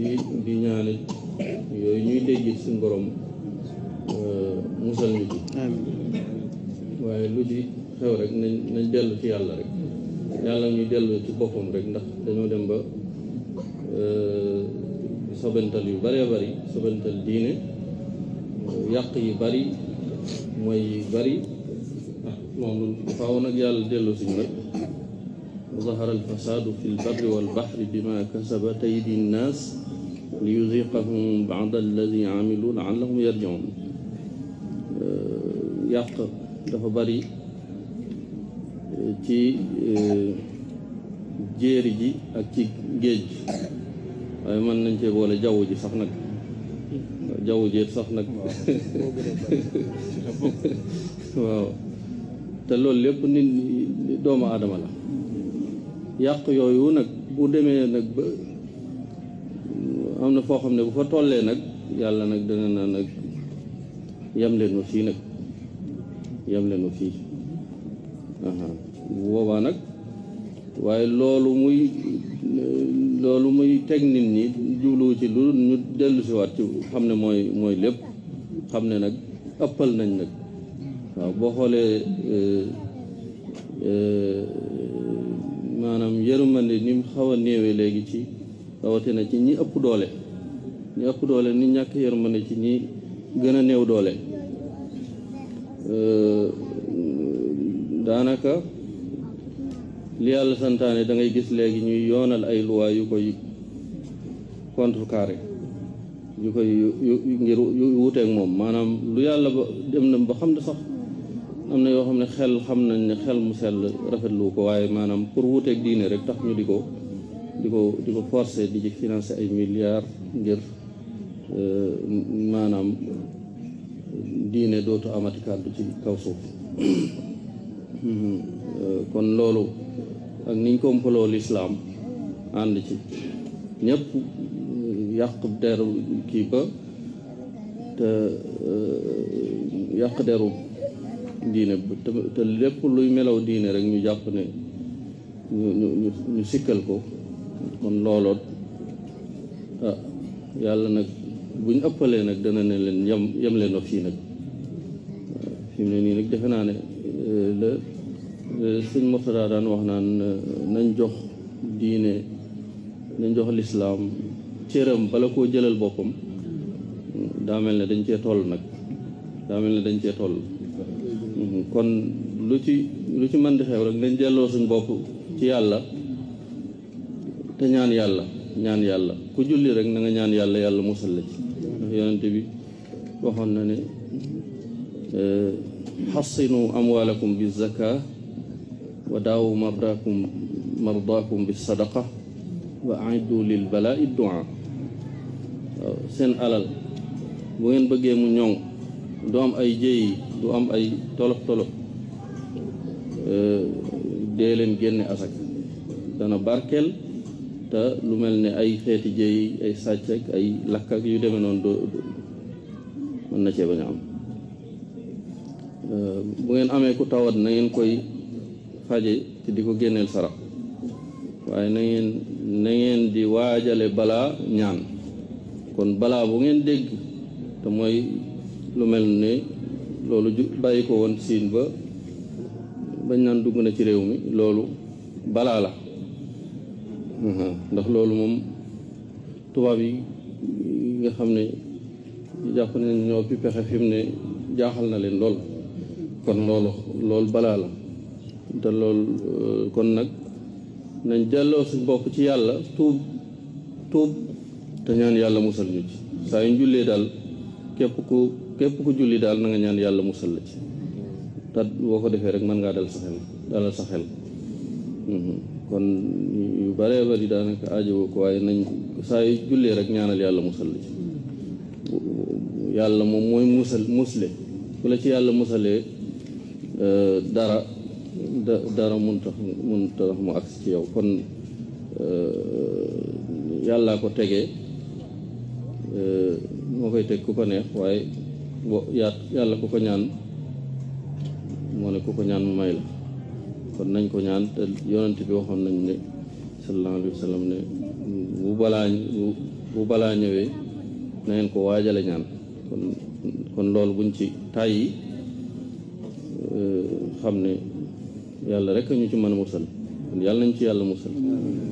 di di ñaanal yooyu ñuy dégg suñu borom euh, musal ñu waaye lu di xew rek nañ dellu ci yàlla rek yàlla ñuy dellu ci boppam rek ndax dañoo dem ba euh, sobental yu bëree bëri sobental diine yàq yi bari mooy yi bëri ah moom faaw nag yàlla dellu suñu rek ظهر الفساد في البر والبحر بما كسبت أيدي الناس ليذيقهم بعض الذي عملوا لعلهم يرجعون آه، ياق دفا بري آه، تي آه، جيري جي اكي جيج اي من نانتي بولا جو جي صاح نك جو جي صاح نك تلو لب نين دوما ادم الله yàq yooyu nag bu demee nag ba am na foo xam ne bu fa tollee nag yàlla nag dana na nag yam leen ma fii nag yem leen ma fii bu boobaa nag waaye loolu muy loolu muy teg nit ñi jubluwu ci lu ñu dellu siwaat ci xam ne mooy mooy lépp xam ne nag ëppal nañ nag waaw boo xoolee euh, euh, maanaam yërmande ni mu xaw a néewee léegi ci rawatina ci ñi ëpp doole ñi ëpp doole ni ñàkk yërmande ci ñi gën a néew doole euh, daanaka li yàlla santaane da ngay gis léegi ñuy yoonal ay luwaa yu koy contrecarré yu koy yu ngir yu wuteeg moom maanaam lu yàlla ba dem na ba xam ne sax am na yoo xam ne xel xam nañ ne xel mu sell rafetlu ko waaye maanaam pour wuuteeg diine rek tax ñu di ko di ko di ko forcer di ci financer ay milliards ngir euh, maanaam diine dootu amati kàddu ci kaw suuf euh, kon loolu ak niñ kompaloo lislaam ànd ci ñëpp euh, yàq deru kii ba te yàq deru diine te lépp luy melaw diine rek ñu jàpp ne ñu ñu ñu sikkal ko kon looloot ah yàlla nag buñ ñu ëppalee nag dana ne leen yem yam leen a fii nag fi ne nii nag defe naa ne euh, la sëñ Mourtada daan wax naan euh, nañ jox diine nañ jox lislaam cëram bala koo jëlal boppam daa mel ne dañ cee toll nag daa mel ne dañ cee toll Mhm. kon lu ci lu ci mën di xew rek dañ delloo suñ bopp ci yàlla te ñaan yàlla ñaan yàlla ku julli rek na nga ñaan yàlla yàlla musal la ci ndax bi waxoon na ne xassinu eh, amwaalakum bi zaka wa daawu mardakum mardaakum bi sadaqa wa aiddu lil balaa i duaa seen alal bu ngeen bëggee mu ñoŋ du am ay jéey du am ay tolof tolof dee leen génne asak dana barkeel te lu mel ni ay xeeti jéey ay sàcc ak ay lakk ak yu demee noonu doo mën na cee bañ a am bu ngeen amee ku tawat na ngeen koy faje te di ko génneel sarax waaye na ngeen na ngeen di waajale balaa ñaan kon balaa bu ngeen dégg te mooy lu mel ni loolu bàyyi ko woon siin ba bañ naan dugg na ci réew mi loolu balaa la mhm. ndax loolu moom tubaab yi nga xam ne jàpp nañ ñoo pi pexe fi mu ne jaaxal na leen lool kon loolu loolu balaa la te loolu euh, kon nag nañ delloo suñ bopp ci yàlla tuub tuub te ñaan yàlla musal ñu ci saa yu jullee daal képp ku képp ku julli daal na nga ñaan yàlla musal la ci te boo ko defee rek mën ngaa dal sa xel dalal sa xel mhm. kon yu baree bari daanaka aajowoo ko waaye nañ saa yu jullee rek ñaanal yàlla musal la ci yàlla moom mooy musal musle ku la ci yàlla musalee eh, dara dara mun tax mun tax mu agsi ci yow kon eh, yàllaa ko tegee eh, moo koy teg ku ko neex waaye yaat yàlla ku ko ñaan moo ne ku ko ñaan mu may la kon nañ ko ñaan te yonent bi waxoon nañ ne sallallahu alayhi wa sallam ne bu balaa bu balaa ñëwee na ko waajale ñaan kon kon loolu buñ ci tàyyi euh, xam ne yàlla rek ñu ci mën a musal kon yàlla nañ ci yàlla musal